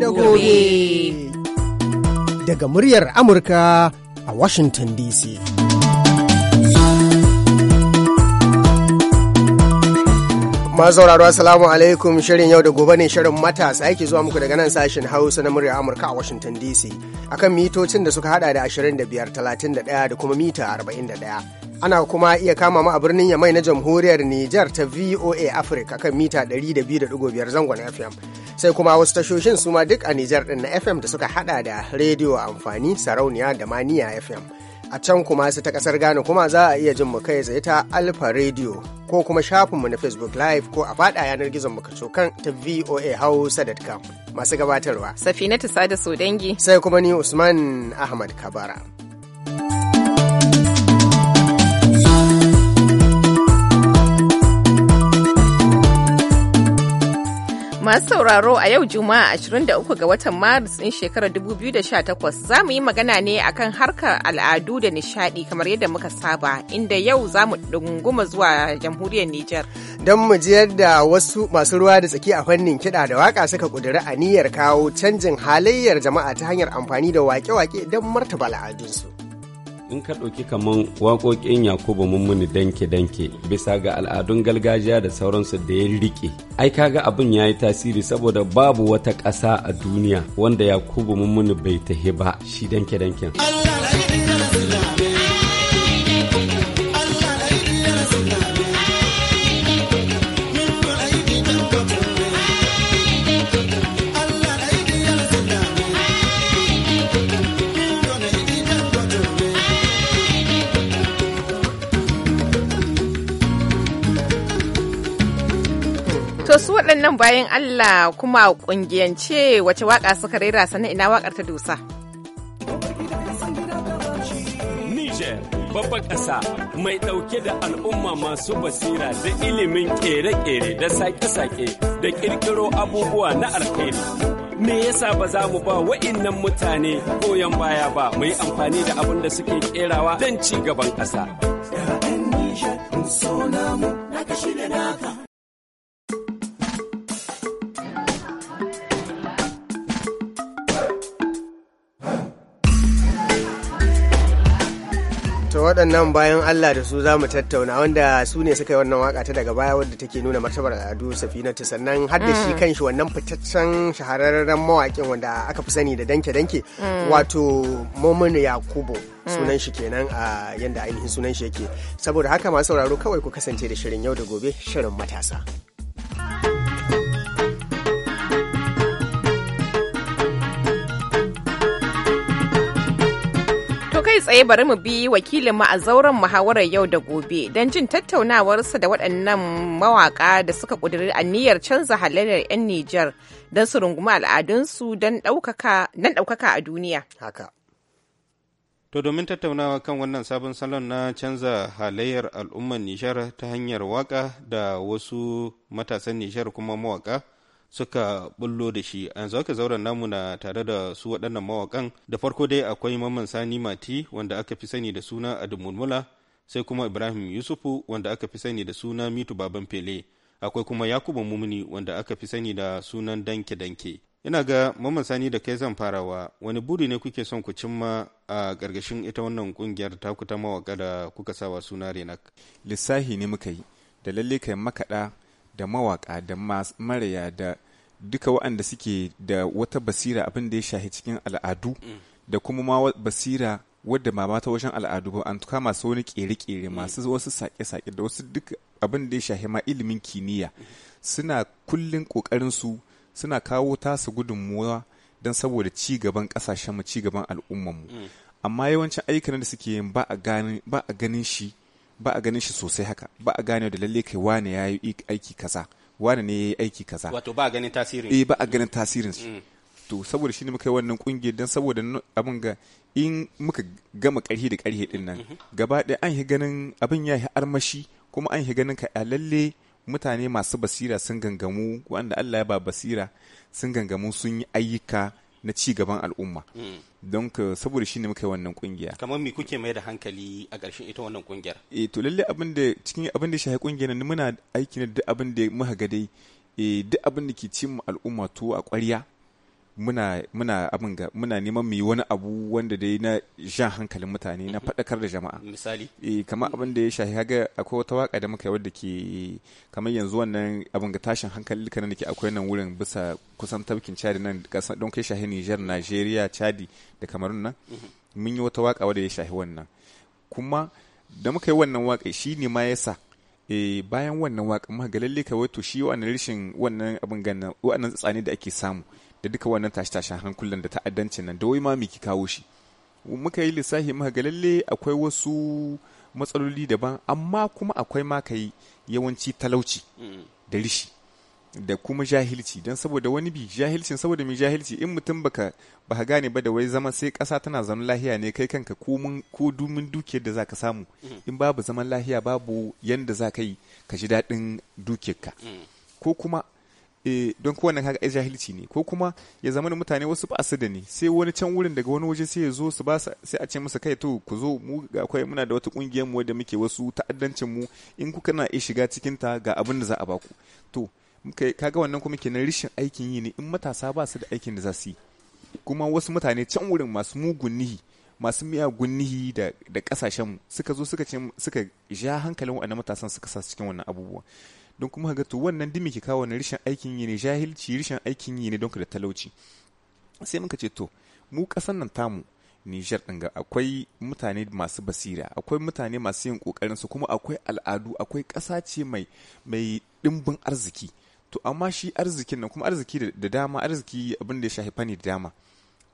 da gobe. Daga muryar Amurka a Washington DC. Mazauraro, Assalamu alaikum shirin yau da gobe ne shirin matasa yake zuwa muku daga nan sashen Hausa na murya Amurka a Washington DC akan mitocin da suka hada da 25, 31 da kuma mita 41. ana kuma iya kama mu a birnin yamai na jamhuriyar Nijar ta VOA Africa kan mita 102.5 zangon FM sai kuma wasu tashoshin su ma duk a Nijar ɗin na FM da suka hada da rediyo amfani sarauniya da maniya FM. A can kuma su ta kasar Ghana kuma za a iya jin mu kai tsaye ta Alfa Radio ko kuma shafin mu na Facebook Live ko a faɗa yanar gizon mu cokan ta VOA Hausa.com. Masu gabatarwa. Safinatu Sada dangi. Sai kuma ni Usman Ahmad Kabara. Masu sauraro a yau Juma'a 23 ga watan Maris ɗin shekarar 2018 za mu yi magana ne akan harkar al'adu da nishadi kamar yadda muka saba inda yau za mu ɗunguma zuwa jamhuriyar Nijar. Don mu ji yadda wasu masu ruwa da tsaki a fannin kiɗa da waka suka ƙudiri aniyar kawo canjin halayyar jama'a ta hanyar amfani da wake-wake don martaba al'adunsu. in ka ɗauki kaman waƙoƙin yakubu mummuni danke danke bisa ga al'adun gargajiya da sauransu da ya rike ai kaga abin ya yi tasiri saboda babu wata ƙasa a duniya wanda yakubu mummuni bai tahi ba shi danke danken nan bayan Allah kuma ƙungiyance wace waƙa suka rera sannan ina wakar ta dusa. Niger babbar ƙasa mai ɗauke da al'umma masu basira da ilimin ƙere-ƙere da sake-sake da ƙirƙiro abubuwa na alheri. me yasa ba za mu ba wa'innan mutane goyon baya ba mu amfani da abin da suke ƙerawa don ci gaban ƙasa. waɗannan bayan Allah da su za mu tattauna wanda su ne suka yi wannan waka ta daga baya wadda take nuna martabar al'adu safinatu sannan har da shi mm. kanshi wannan fitaccen shahararren mawakin wanda aka fi sani da danke danke mm. wato momunu yakubo mm. sunan shi kenan a yadda ainihin sunan shi yake saboda haka masu sauraro kawai ku kasance da shirin yau da gobe shirin matasa. Kai tsaye bari mu bi wakilinmu a zauren muhawarar yau da gobe don jin tattaunawarsa da waɗannan mawaƙa da suka ƙudiri aniyar canza halayyar 'yan Nijar don su rungumi al'adunsu don ɗaukaka a duniya. Haka. To domin tattaunawa kan wannan sabon salon na canza halayyar al'ummar Nijar ta hanyar waka da wasu matasan Nijar kuma mawaka suka bullo da shi a yanzu haka zauren namu na tare da su waɗannan mawakan da farko dai akwai mamman sani mati wanda aka fi sani da suna adu mulmula sai kuma ibrahim yusufu wanda aka fi sani da suna mitu baban fele akwai kuma yakubu mumuni wanda aka fi sani da sunan danke danke ina ga mamman sani da kai zan farawa wani buri ne kuke son ku cimma a gargashin ita wannan kungiyar taku ta mawaka da kuka sawa suna renak lissahi ne muka yi da lalle kai makaɗa da mawaka da maraya da duka waɗanda suke da wata basira abin da ya shahi cikin al'adu mm. da kuma ma basira wadda ba ta wajen al'adu ba an tuka masu wani kere-kere mm. masu wasu sake-sake da wasu duk abin da ya shahi ma ilimin kimiyya mm. suna kullin kokarin su suna kawo tasu gudunmuwa don saboda ci gaban kasashen mu ci gaban al'ummar mu amma yawancin ayyukan da suke yin ba a ganin shi ba a ganin shi sosai haka ba a gane da lalle kai wane ya yi aiki kaza wane ne ya yi aiki kaza wato ba a ganin tasirin eh ba a ganin tasirin shi mm. to saboda shi ne muka yi wannan kungiyar dan saboda abin ga in muka gama karhi da karhi din nan mm-hmm. gaba ɗaya an yi ganin abin ya yi armashi kuma an yi ganin ka lalle mutane masu basira sun gangamu wanda Allah ya ba basira sun gangamu sun yi ayyuka na ci gaban al'umma hmm. don saboda shi ne muka yi wannan kungiya kamar me kuke mai da hankali a ƙarshen ita wannan kungiyar E to lalle abin da cikin abin da shahi kungiyar nan muna aiki ne duk abin da muka ga dai eh, duk abin da ke cin al'umma to a ƙwarya muna muna abin ga muna neman mu yi wani abu wanda dai na jan hankalin mutane na mhm. faɗakar da jama'a misali eh kamar abin da ya shahi, haga akwai wata waka da muka yi wadda ke kamar yanzu wannan abin ga tashin hankali kan da ke akwai nan wurin bisa kusan tabkin chadi nan don kai shahi Niger Nigeria Chad da Cameroon nan mhm. mun yi wata waka wadda ya shahi wannan kuma da muka yi wannan waka shi ne ma yasa e eh, bayan wannan waka muka ga lalle kawai to shi wannan rashin wannan abin ga wannan tsane da ake samu da duka wannan tashe-tashen hankulan da ta'addancin nan da wai ma miki kawo shi muka yi lissafi muka ga lalle akwai wasu matsaloli daban amma kuma akwai ma kai yawanci talauci da rishi da kuma jahilci don saboda wani bi jahilcin saboda mai jahilci in mutum baka baka gane ba da wai zama sai kasa tana zaman lahiya ne kai kanka ko dumin dukiyar da zaka samu in babu zaman lahiya babu yanda za ka yi ka ji daɗin dukiyarka mm. ko kuma e don ko wannan kaga jahilci ne ko kuma ya zama da mutane wasu ba su da ni sai wani can wurin daga wani waje sai ya zo su ba sai a ce masa kai to ku zo mu ga akwai muna da wata kungiyar mu da muke wasu ta'addancin mu in kuka na iya shiga cikin ta ga abin da za a baku to kaga wannan kuma kenan rishin aikin yi ne in matasa ba su da aikin da za su yi kuma wasu mutane can wurin masu mugun nihi masu miya gunnihi da, da kasashen suka zo suka ce suka ja hankalin wa'annan matasan suka sa cikin wannan abubuwan don kuma ga to wannan dimi ki kawo ne rishin aikin yi ne jahilci rishin aikin yi ne don ka da talauci sai muka ce to mu kasan nan tamu Nijar ɗin ga akwai mutane masu basira akwai mutane masu yin ƙoƙarin su kuma akwai al'adu akwai ƙasa ce mai mai ɗimbin arziki to amma shi arzikin nan kuma arziki da dama arziki abin da ya shafi fani da dama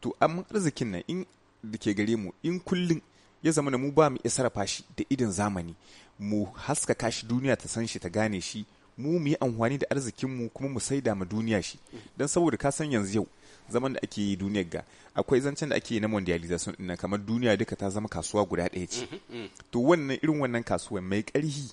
to amma arzikin nan in da ke gare mu in kullum ya zama da mu ba mu iya sarrafa shi da idin zamani mu haskaka shi duniya ta san shi ta gane shi mu mu yi amfani da arzikinmu kuma mu saida ma duniya shi don saboda ka san yanzu yau zaman da ake yi duniyar ga akwai zancen da ake yi na mondialization ɗin kamar duniya duka ta zama kasuwa guda ɗaya ce mm-hmm, mm. to wannan irin wannan kasuwa mai ƙarhi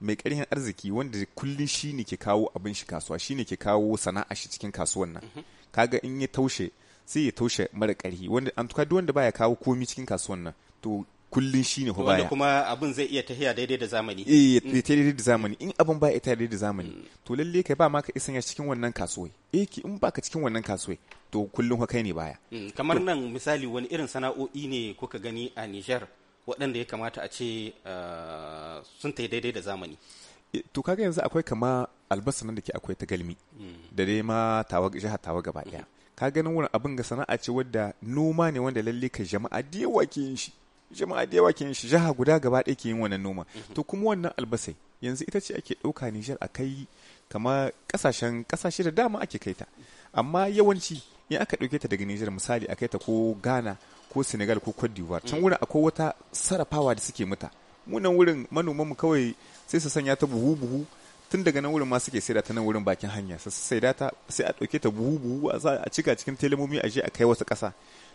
mai ƙarfin arziki wanda kullum shi ne ke kawo abin shi kasuwa shi ne ke kawo sana'a shi cikin kasuwan nan mm-hmm. kaga in ya taushe sai ya taushe mara ƙarhi wanda an tuka duk wanda baya kawo komi cikin kasuwan nan to kullun shi ne baya kuma abin zai iya tahiya daidai da zamani eh ya mm. ta daidai da zamani in abin ba ya ta daidai da zamani mm. to lalle kai ba ma ka isanya cikin wannan kasuwai eh ki in baka cikin wannan kasuwai to kullun ka kai ne baya mm, kamar nan misali wani irin sana'o'i ne kuka gani a Nijar waɗanda ya kamata a ce ah, sun ta daidai da zamani eh, to kaga yanzu akwai kama albasa nan da ke akwai ta galmi da dai ma tawa jihar tawa gaba ɗaya. ka ganin wurin abin ga sana'a ce wadda noma ne wanda lalle ka jama'a da yawa ke yin shi jama'a da yawa ke yin shi jiha guda gaba ɗaya ke yin wannan noma to kuma wannan albasai yanzu ita ce ake ɗauka Nijar a kai kamar ƙasashen ƙasashe da dama ake kai ta amma yawanci in aka ɗauke ta daga Nijar misali a kai ta ko Ghana ko Senegal ko Cote d'Ivoire can wurin akwai wata sarrafawa da suke mata munan wurin manoman mu kawai sai su sanya ta buhu buhu tun daga nan wurin ma suke saida ta nan wurin bakin hanya sai ta sai a ɗauke ta buhu buhu a cika cikin telemomi a je a kai wata ƙasa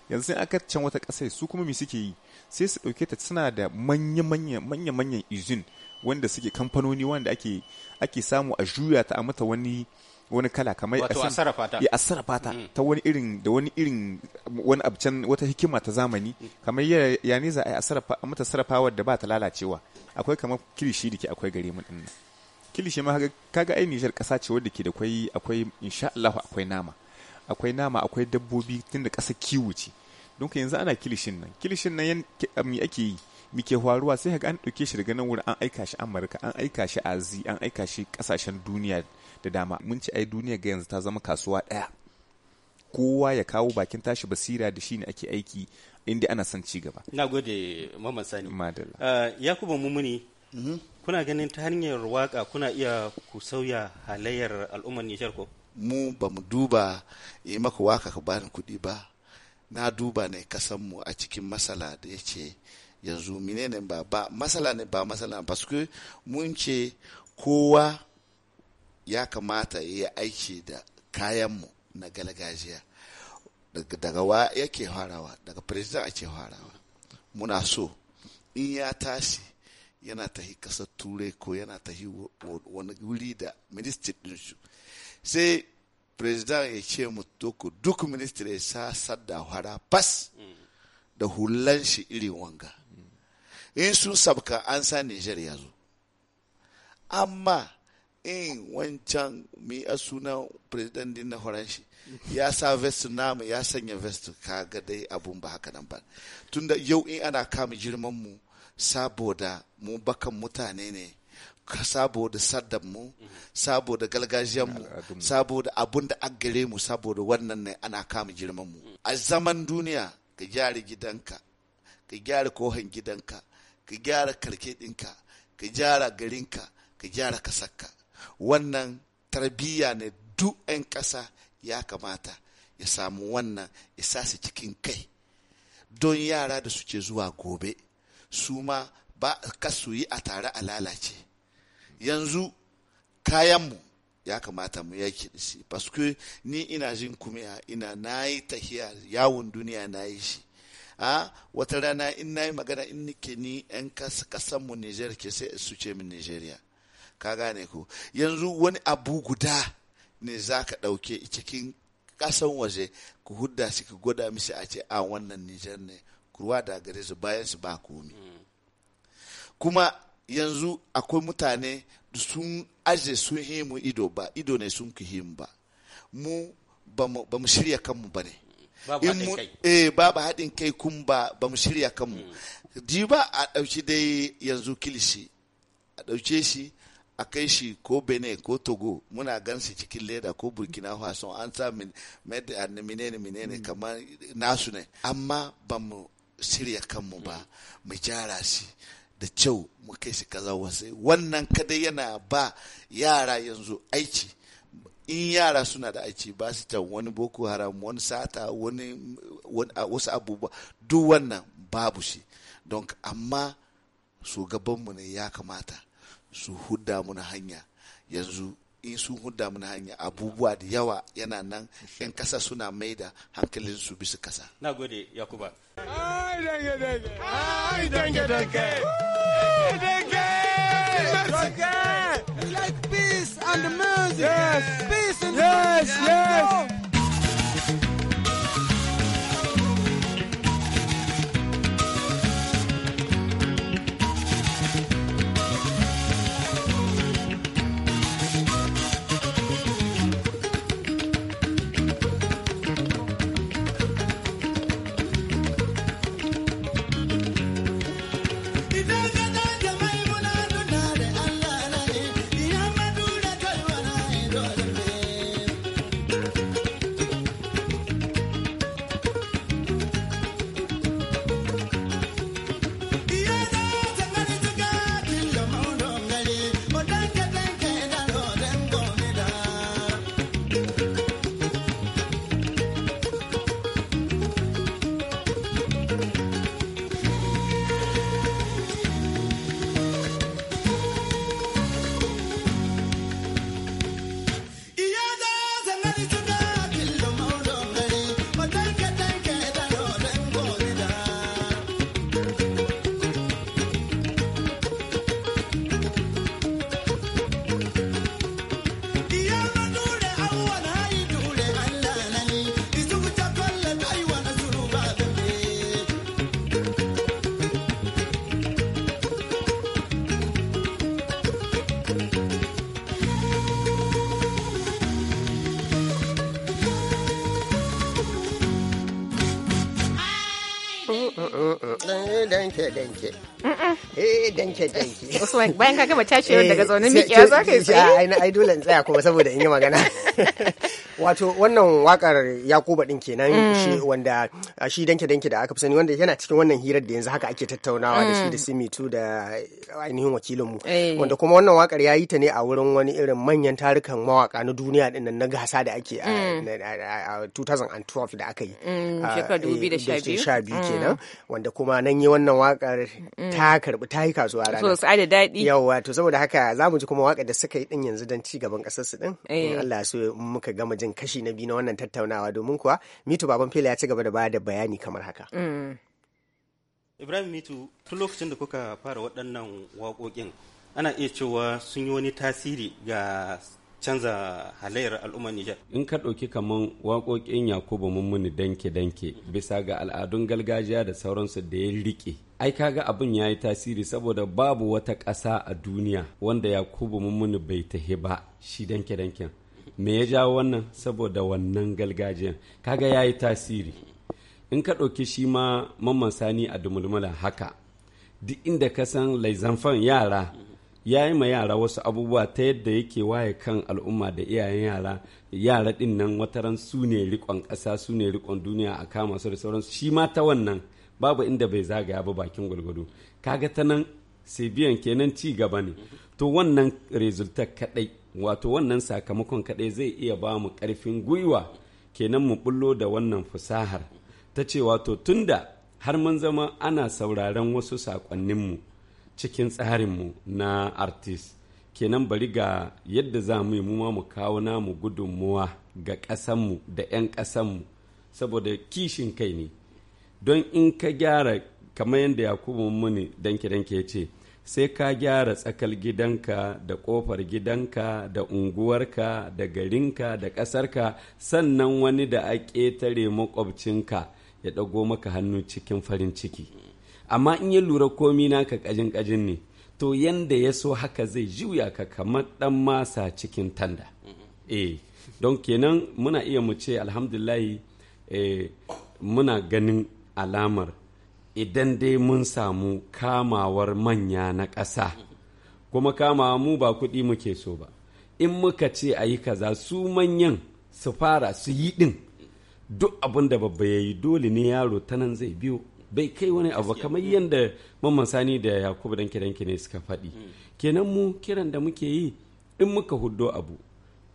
yanzu sai aka can wata kasa su kuma me suke yi sai su ɗauke ta suna da manya manya manya manyan izin wanda suke kamfanoni wanda ake ake samu a juya ta a mata wani wani kala kamar eh, a sarrafa ta ya sarrafa ta ta wani irin da wani irin wani abcan wata hikima ta zamani mm. kamar ya ne za a yi a mata sarrafawar da ba ta lalacewa akwai kamar kirishi da ke akwai gare mu dinnan kilishi ma kaga ai Nijar kasa ce wadda ke da akwai akwai insha Allah akwai nama akwai nama akwai dabbobi tunda ƙasa kiwo ce don ka yanzu ana kilishin nan kilishin nan me ake yi muke faruwa sai ka an ɗauke shi daga nan wurin an aika shi amurka an aika shi azi an aika shi ƙasashen duniya da dama mun ci ai duniya ga yanzu ta zama kasuwa ɗaya kowa ya kawo bakin tashi basira da shi ne ake aiki inda ana son ci gaba na gode Mamman sani madalla eh, yakubu mumuni mhm. kuna ganin ta hanyar waka kuna iya ku sauya halayyar al'ummar Nijar ko? Mu ba mu duba yi maka waka ka bani kuɗi ba, na duba ne mu a cikin masala da ya ce yanzu menene ba ba masala ne ba masala parce que mun ce kowa ya kamata ya yi aiki da mu na galgajiya daga wa yake farawa daga president ake farawa muna so in ya tashi yana tahi kasar turai ko yana yi wani wuri da ministry din sai president ya ce mu duk ministry ya sa sadda hara fas da hulan shi irin wanga in sun sabka an sa nijar ya zo amma in wancan mi a suna president din na shi ya sa vestu namu ya sanya vest kaga dai abun ba haka nan ba tunda yau in ana kama girman mu saboda mu bakan mutane ne saboda mu saboda mu saboda abun da an gare mu saboda wannan ne ana kama girmanmu a zaman duniya ka gyara gidanka ka gyara kohan gidanka ka gyara karke ɗinka ka gyara garinka ka gyara kasarka wannan tarbiyya ne duk 'yan ƙasa ya kamata ya samu wannan ya sa su cikin kai don yara da suke zuwa gobe su ma ba kasu yi a tare a lalace yanzu kayanmu ya kamata mu yaki da shi paske ni ina jin kumiya ina na yi tahiya yawon duniya na yi shi a wata rana in na yi magana in nike ni yan kasanmu nijar ke sai su ce min Nijeriya ka gane ku yanzu wani abu guda ne za ka ɗauke cikin ƙasan waje ku hudda shi ka gwada misi a ce a wannan nijar ne kurwa da gare su bayan su ba komi kuma yanzu akwai mutane sun aje sun himu ido ba ido ne sun ki himu ba mu ba mu shirya kanmu ba ne babu eh, haɗin kai kun ba ba mu shirya kanmu di mm. ba a ɗauki dai yanzu kilishi a ɗauke shi a kai shi ko benin ko togo muna gan shi cikin leda ko burkina faso an sa menene menene mm. kamar nasu ne amma ba mu shirya kanmu ba mu gyara shi da kyau mu kai shi kaza wasai wannan kada yana ba yara yanzu aiki in yara suna da aiki ba su ta wani boko haram wani sata wani wasu abubuwa duk wannan babu shi don amma gabanmu ne ya kamata su hudda muna hanya yanzu in sun hudda mana hanya abubuwa da yawa yana nan yan kasa suna mai da hankalin su bisa kasa na gode yakuba ai dange dange ai dange dange dange we like peace and music yes. peace and yes, music yes. mundo. danke danke eh danke danke bayan ka gama tashi daga eh, zaune miƙiya za ka yi tsaye ai dole in tsaya kuma saboda in yi magana wato wannan wakar yakuba din kenan mm. shi wanda shi danke danke da aka fi sani wanda yana cikin wannan hirar da yanzu haka ake tattaunawa da shi mm. da simitu da ainihin wakilin mu eh. wanda kuma wannan wakar ya yi ta ne a wurin wani irin manyan tarukan mawaka na duniya din na gasa da ake a 2012 mm. da aka yi shekarar 2012 eh, kenan wanda kuma nan yi wannan wakar ta karbi ta yi kasuwa rana sosai da daɗi yawa to saboda haka za mu ji kuma wakar da suka yi din yanzu don ci gaban su din in eh. Allah so muka gama jin kashi na biyu na wannan tattaunawa domin kuwa mitu baban fela ya ci gaba da ba da bayani kamar haka mm. ibrahim mitu tun lokacin da kuka fara waɗannan waƙoƙin ana iya cewa sun yi wani tasiri ga canza halayyar al'ummar Nijar. In ka ɗauki kaman waƙoƙin Yakubu Mummuni danke-danke bisa ga al'adun gargajiya da sauransu da ya riƙe. Ai ka ga abin ya yi tasiri saboda babu wata ƙasa a duniya wanda Yakubu Mummuni bai tahi ba shi danke-danken. me ya jawo wannan saboda wannan galgajiyar kaga ya yi tasiri in ka ɗauki shi ma mamman sani a dumulmula haka duk inda ka san laizanfan yara ya yi ma yara wasu abubuwa ta yadda yake waye kan al'umma da iyayen yara yara ɗin nan wataran su ne riƙon ƙasa su ne riƙon duniya a kama su da sauransu shi ma ta wannan babu inda bai zagaya ba bakin gwalgwado kaga ta nan sai kenan ci gaba ne to wannan resultat kadai wato wannan sakamakon kadai zai iya ba mu karfin gwiwa kenan mu bullo da wannan fusahar ta ce wato tunda har mun zama ana sauraron wasu sakonninmu cikin tsarinmu na artist kenan bari ga yadda za mu yi mu mu kawo namu gudunmuwa ga ƙasanmu da 'yan ƙasanmu saboda kishin kai ne don in ka gyara kamar yadda yakubu muni danke danke ya ce sai ka gyara tsakal gidanka da ƙofar gidanka da unguwarka da garinka da ƙasarka sannan wani da a ƙetare makwabcinka ya ɗago maka hannu cikin farin ciki amma in ya lura komi naka ƙajin ƙajin ne to yanda ya so haka zai juya ka kamar ɗan masa cikin tanda eh don kenan muna iya mu ce alhamdulahi eh, muna ganin alamar idan dai mun samu kamawar manya na ƙasa kuma kamawa mu ba kuɗi muke so ba in muka ce a yi kaza su manyan su fara su yi ɗin duk abin da babba ya yi dole ne yaro ta nan zai biyo bai kai wani abu kamar yadda mamman sani da yakubu dan kiranki ne suka faɗi kenan mu kiran da muke yi in muka huddo abu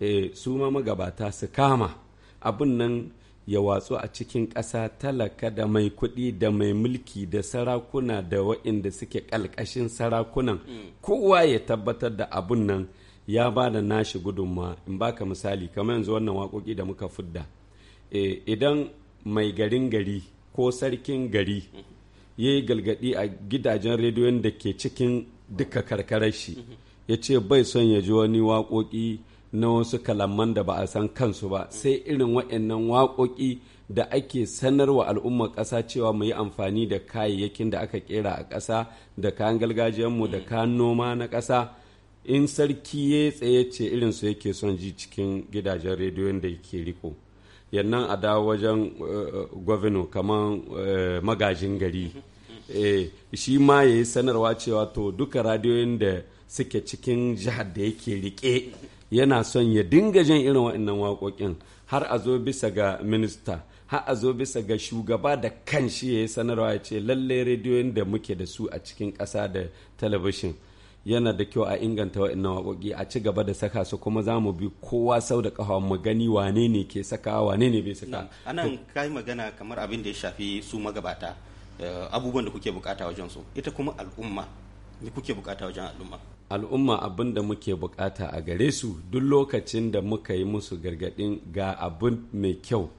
eh, su ma magabata su kama abin nan ya watsu a cikin ƙasa talaka da mai kuɗi da mai mulki da sarakuna da waɗanda suke ƙalƙashin sarakunan kowa ya tabbatar da abun nan ya ba da nashi gudunma in baka misali kamar yanzu wannan waƙoƙi da muka fudda eh, idan mai garin gari ko sarkin gari ya yi galgadi a gidajen rediyon da ke cikin duka karkarar shi ya ce bai son ya ji wani waƙoƙi na wasu kalaman da ba a san kansu ba sai irin waɗannan waƙoƙi da ake sanarwa al'ummar ƙasa cewa mu yi amfani da kayayyakin da aka ƙera a ƙasa da kayan gargajiyarmu da kayan noma na ƙasa in sarki ya tsaye ce irin su yake son ji cikin gidajen rediyon da yake riko yannan a dawo wajen eh, gwamna kamar eh, magajin gari eh, shi ma ya yi sanarwa cewa to duka radiyoyin da suke cikin jihar da yake riƙe. yana son ya dinga jin irin waɗannan waƙoƙin har a zo bisa ga minista har a zo bisa ga shugaba da kan shi ya yi sanarwa ya ce lallai rediyoyin da muke da su a cikin ƙasa da talabishin yana da kyau a inganta waɗannan waƙoƙi a ci gaba da saka su kuma za mu bi kowa sau da ƙafa mu gani wane ne ke saka wane ne bai saka anan kai magana kamar abin da ya shafi su magabata eh, abubuwan da kuke bukata wajen su ita kuma al'umma ne kuke bukata wajen al'umma al'umma abin da muke bukata a gare su duk lokacin da muka yi musu gargadin ga abin mai kyau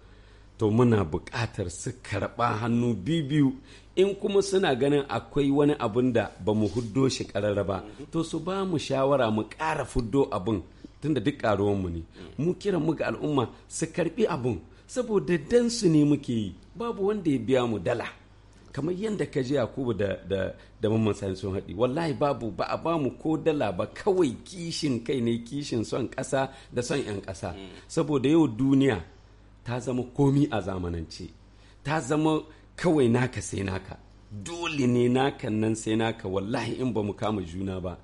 to muna bukatar su karɓa hannu biyu in kuma suna ganin akwai wani abin da ba mu huddo shi ƙararraba ba to su ba mu shawara mu ƙara fuddo abin tunda duk ƙaruwanmu ne mu kira mu ga al'umma su karɓi abin saboda dan su ne muke yi babu wanda ya biya mu dala kamar yadda ka ji yakubu da da mamman sani sun haɗi wallahi babu ba a bamu ko dala ba kawai kishin kai ne kishin son ƙasa da son 'yan ƙasa mm. saboda yau duniya ta zama komi a zamanance ta zama kawai naka sai naka dole ne naka nan sai naka wallahi in ba mu kama juna ba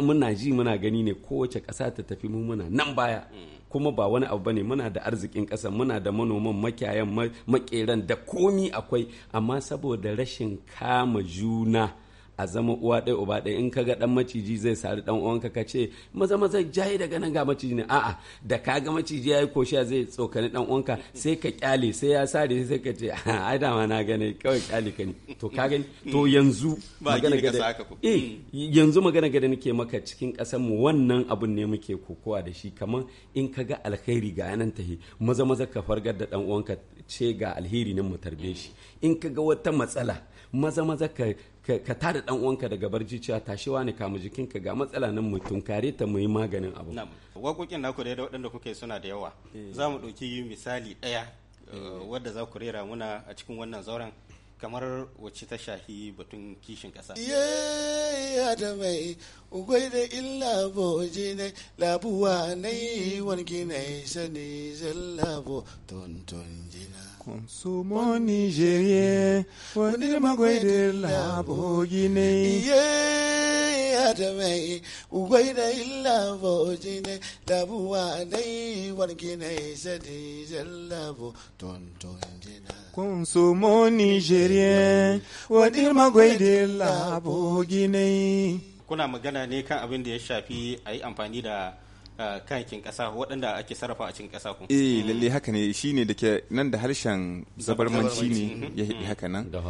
muna ji muna gani ne kowace ƙasa ta tafi mu muna nan baya mm. kuma ba wani abu bane muna da arzikin ƙasa muna da manoman makiyayan makeran da komi akwai amma saboda rashin kama juna a zama uwa ɗaya uba ɗaya in kaga ɗan maciji zai sari ɗan uwanka ka ce maza maza jaye daga nan ga maciji ne a'a da ka ga maciji yayi koshiya zai tsokani ɗan uwanka sai ka kyale sai ya sare sai ka ce ah, ai dama na gane kawai kyale ka ne to ka gani to yanzu magana gada eh yanzu magana gada nake maka cikin ƙasar mu wannan abun ne muke kokowa da shi kamar in kaga alkhairi ga yanan tahi maza maza ka fargar da ɗan uwanka ce ga alheri nan mu tarbe shi in kaga wata matsala maza maza ka ka tada dan uwanka daga barci cewa tashi wani kama jikin ka ga matsala nan mutum kare ta mu maganin abu waƙoƙin naku da waɗanda kuke suna da yawa eh. za mu ɗauki misali ɗaya eh. Eh, wadda za ku rera muna a cikin wannan zauren kamar wacce ta shahi batun kishin kasa. ya da mai ugwai da illa boji ne labuwa na yi wani gina sani zan labo tuntun jina. Consomo nigérien, wani magwai da labo gine. Iye ta mai ugwai da labo gine, labuwa dai warki na isa da labo tonton jina. Consomo nigérien, wani magwai da labo gine. Kuna magana ne kan abin da ya shafi a yi amfani da kayakin ƙasa waɗanda ake sarrafa a cikin ƙasa ku. Eh lalle haka ne shine da ke nan da harshen zabarmanci ne ya mm-hmm. haɗi haka nan. Da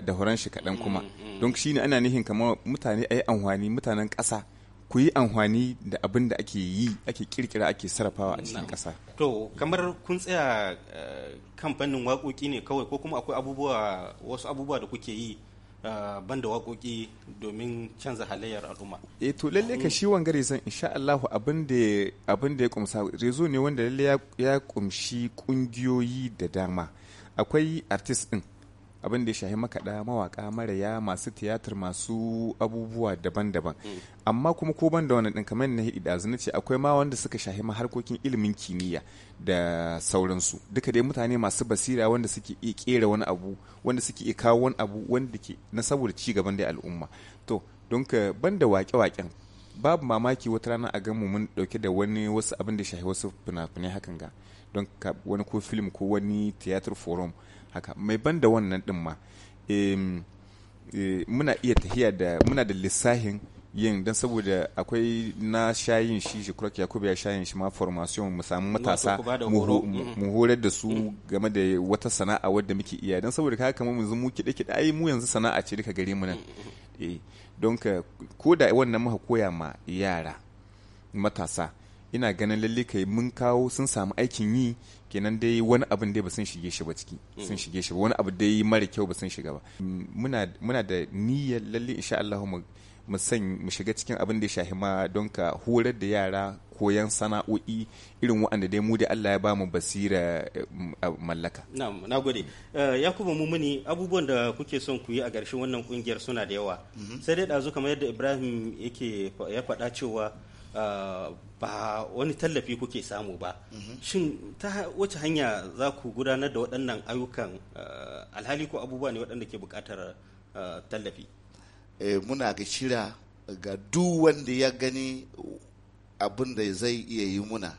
Da da shi kaɗan kuma. Mm-hmm, mm-hmm. Don shine ana nihin kamar mutane a yi amfani mutanen ƙasa. ku yi amfani da abin da ake yi ake kirkira ake sarrafawa a cikin ƙasa. To kamar kun tsaya eh, kan fannin waƙoƙi ne kawai ko kuma akwai abubuwa wasu abubuwa da kuke yi Ban da waƙoƙi domin canza halayyar al'umma. E to lalle ka shi wangare zan insha Allah abin da ya kumsa rezo ne wanda lalle ya kumshi ƙungiyoyi da dama. Akwai artist ɗin. abin da ya shahi makaɗa mawaƙa maraya masu tiyatar masu abubuwa daban-daban mm. amma kuma ko ban da wani ɗin kamar na hidi ɗazu ce akwai ma wanda suka shahi ma harkokin ilimin kimiyya da sauransu duka dai mutane masu basira wanda suke iya ƙera wani abu wanda suke iya kawo wani abu wanda ke na saboda ci gaban da al'umma to don ka ban da waƙe-waƙen babu mamaki wata rana a ganmu mun ɗauke da wani wasu abin da shahi wasu fina-finai hakan ga don wani ko film ko wani theater forum haka mai ban da wannan din ma e, muna iya tahiya da muna da lissahin yin don saboda akwai na shayin shi shi kurak ya shayin shi ma formation mu samu matasa mm. mu horar da su mm. game da wata sana'a wadda muke iya don saboda kaka kamar yanzu mu kiɗe kiɗe ai mu yanzu sana'a ce duka gare mu nan mm. eh, don ka ko da wannan muka koya ma yara matasa ina ganin lalle kai mun kawo sun samu aikin yi kenan dai wani abin dai ba sun shige shi ba ciki sun shige shi ba wani abu dai mara kyau ba sun shiga ba muna muna da niyyar lalle insha Allah mu san mu shiga cikin abin da ya shahi ma don ka horar da yara koyan sana'o'i irin waɗanda dai mu da Allah ya ba mu basira eh, mm, mallaka. Na na gode. Eh, ya kuma muni abubuwan da kuke son ku yi a ƙarshen wannan kungiyar suna da yawa. Mm-hmm. Sai dai ɗazu kamar yadda Ibrahim yake ya faɗa cewa Ah, ba wani tallafi kuke samu ba shin ta wace hanya za ku gudanar da waɗannan ayyukan ah, alhali ko abubuwa ne waɗanda ke buƙatar ah, tallafi eh, muna ga shira ga duk wanda ya gani abin da zai iya yi muna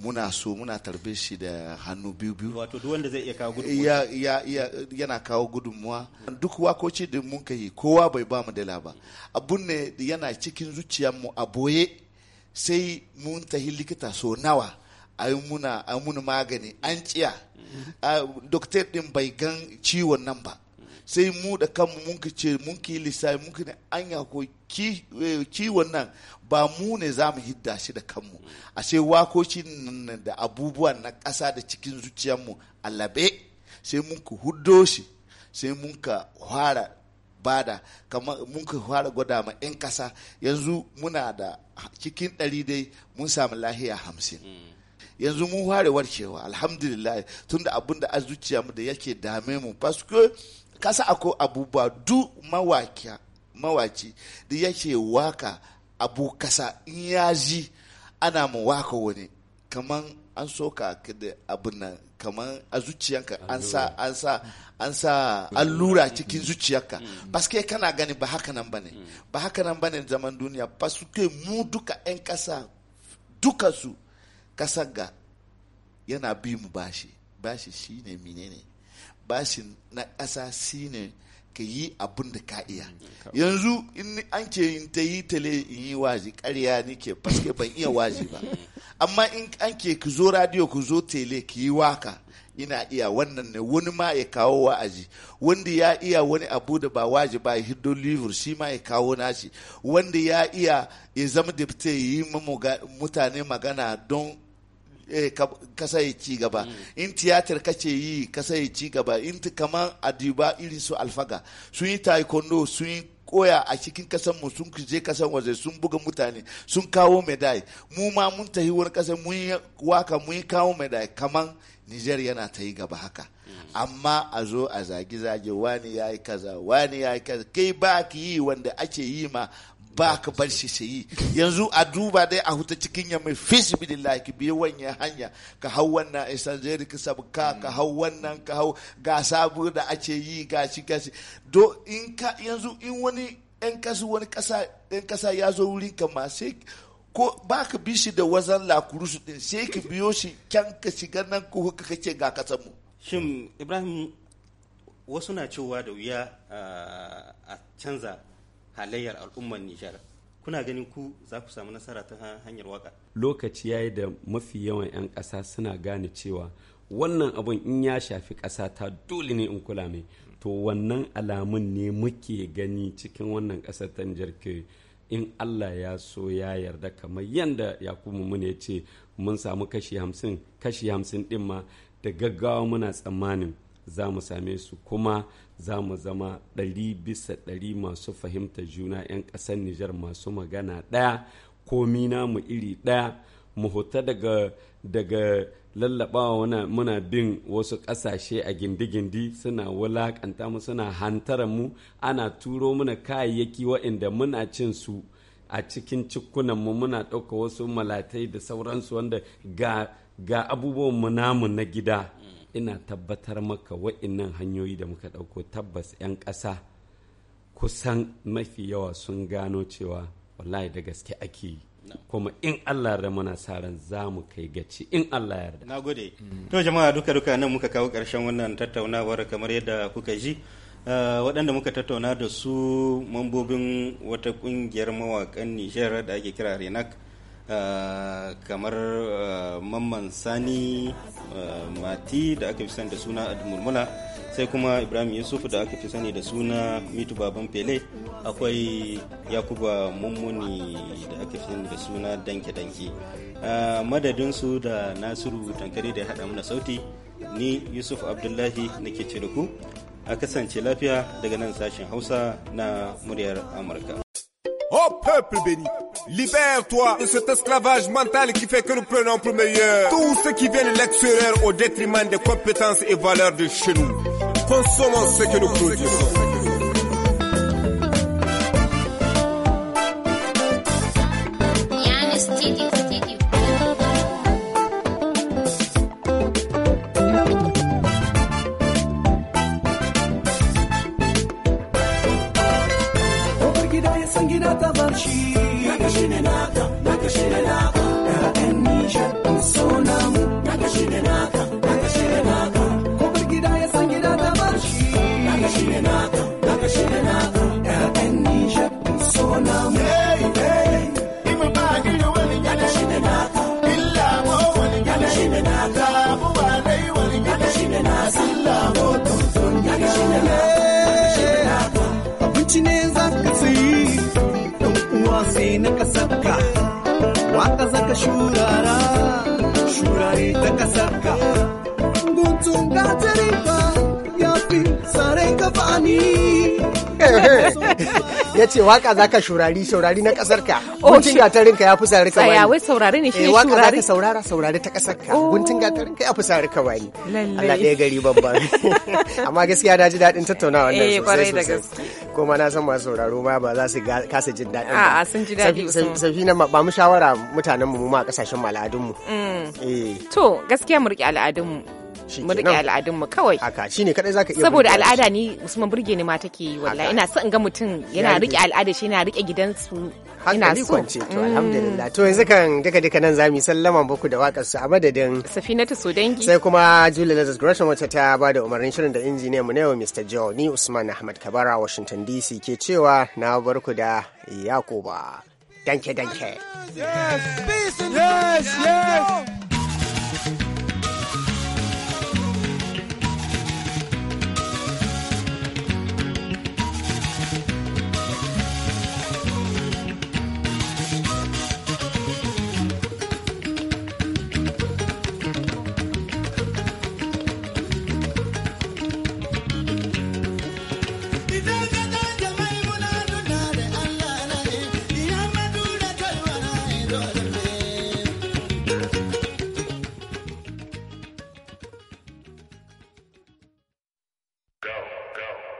muna so muna tarbe shi da hannu biyu biyu wato duk wanda zai iya kawo gudunmuwa yana kawo gudunmuwa duk wakoci da mun yi kowa bai ba mu dala ba abun ne yana cikin zuciyarmu a boye sai mun tahi likita so nawa ai muna muna magani an ciya mm-hmm. doktor din bai gan ciwon nan ba sai mu da kanmu mun ka ce mun ki lissafi mun ne ya ko eh, ciwon nan ba mu ne za mu hidda shi da kanmu mm-hmm. ashe wakoci da abubuwan na ƙasa da cikin zuciyarmu labe sai mun ka huddo shi sai mun ka fara bada kamar mun ka fara gwada ma 'yan kasa yanzu muna da cikin ɗari dai mun samu lahiya hamsin mm. yanzu mun fara warkewa alhamdulillah tunda abun da azuciya mu da yake dame mu paske kasa ako abubuwa du mawakiya mawaci da yake waka abu kasa in ya ji ana mu waka wani kaman an ka da abin nan kamar a zuciyanka an sa an sa an sa allura cikin zuciyarka mm. Mm. paske kana gani ba haka nan bane mm. ba haka nan bane zaman duniya paske mu duka yan kasa duka su kasa ga yana bi mu bashi bashi shine menene bashi na kasa shine ka yi abin da ka iya yanzu in an ke ta yi tale in yi waji ƙarya nike paske ban iya waji ba amma in an ke ku zo radio ku zo tele ki yi waka ina iya wannan ne wani ma ya kawo wa'azi wanda ya iya wani abu da ba waji ba ya hiddo livir shi ma ya kawo nashi wanda ya iya ya zama dipte yi mutane magana don eh, kasa ya ci gaba mm. in tiyatar kace yi kasa ya ci gaba in kamar adiba irin su alfaga sun yi taekwondo sun yi koya a cikin kasan mu sun je kasan waje sun buga mutane sun kawo medai mu ma mun tafi wani kasan mun yi waka mun yi kawo medai kaman Nijar yana ta yi gaba haka amma a zo a zagi zage wani ya yi kaza wani ya yi kaza kai ba ki yi wanda ake yi ma ba ka bar shi sayi yanzu a duba dai a huta cikin ya mai fisi bi ki biyu wanya hanya ka hau wannan zai ka sabka ka hau wannan ka hau ga sabu da ake yi ga shi do in ka yanzu in wani yan kasu wani kasa yan kasa ya zo wurin ka ma sai ko ba ka bi shi da wazan lakurusu din sai ka biyo shi kyan ka shiga nan ko ka kace ga kasan mu shin ibrahim wasu na cewa da wuya ah, a canza halayyar al'ummar Nijar. Kuna ganin ku za ku samu nasara ta hanyar waka. Lokaci ya da mafi yawan 'yan ƙasa suna gane cewa wannan abun in ya shafi ƙasa ta dole ne in kula mai. To wannan alamun ne muke gani cikin wannan ƙasar ta Nijar ke in Allah ya so ya yarda kamar yadda Yakubu mun ya ce mun samu kashi hamsin kashi hamsin ɗin ma da gaggawa muna tsammanin za mu same su kuma za mu zama ɗari bisa ɗari masu fahimtar juna 'yan ƙasar Nijar masu magana ɗaya komi namu iri ɗaya mu huta daga daga lallabawa muna bin wasu ƙasashe a gindi-gindi suna wulaƙanta mu suna hantara mu ana turo muna kayayyaki waɗanda muna cin su a cikin mu muna ɗauka wasu malatai da sauransu wanda ga, ga abubuwan mu namu na gida ina tabbatar maka wa'innan hanyoyi da muka ɗauko tabbas 'yan ƙasa kusan mafi yawa sun gano cewa wallahi da gaske ake yi kuma in Allah da muna sa za mu kai gaci in Allah yarda. Na gode. To jama'a duka duka nan muka kawo ƙarshen wannan tattaunawar kamar yadda kuka ji. Uh, waɗanda muka tattauna da su mambobin wata ƙungiyar mawaƙan Nijar da ake kira Renak. Eh, kamar eh, mamman sani eh, mati da aka fi sani da suna murmula sai kuma ibrahim yusuf da aka fi sani da suna mitu baban pele akwai yakuba mummuni da aka fi sani da suna danke danke madadinsu da nasiru tankare da ya haɗa mana sauti ni yusuf abdullahi nake ke ku a kasance lafiya daga nan sashen hausa na muryar amurka Oh, purple Libère-toi de cet esclavage mental qui fait que nous prenons pour meilleur tous ceux qui viennent de au détriment des compétences et valeurs de chez nous. Consommons ce que nous produisons. ne na kasarka waka zaka shurara shurare ta kasarka guntun gatari ba ya fi sarai gabani ya ce waka zaka shurari saurari na kasar ka oh, guntun gatarin ka ya fi sari ka ya wai saurari ne shi eh, shurari waka zaka saurara saurari ta kasar ka oh. guntun gatarin ka ya fi ka kawai Allah ɗaya gari babban amma gaskiya na ji daɗin tattaunawa wannan eh, sosai sosai ma na san masu sauraro ma ba za su kasa jin daɗin ba. A sun ji daɗi. Safi na ba mu shawara mutanen mu ma a kasashen al'adun mu. Mm. Eh. To gaskiya mu riƙe al'adun mu. mu riƙe al'adun mu kawai haka shine kadai zaka iya saboda al'ada ni musamman burge ni ma take yi wallahi ina son ga mutum yana rike al'ada shi yana rike gidansu ina so kwance to mm. alhamdulillah to yanzu kan duka duka nan zamu yi sallama baku da wakar su a madadin Safinatu Sodangi sai kuma Julia Lazarus Gresham wacce ta ba da umarnin shirin da injiniyan mu ne Mr. Joe ni Usman Ahmad Kabara Washington DC ke cewa na barku da Yakuba danke danke yes peace yes yes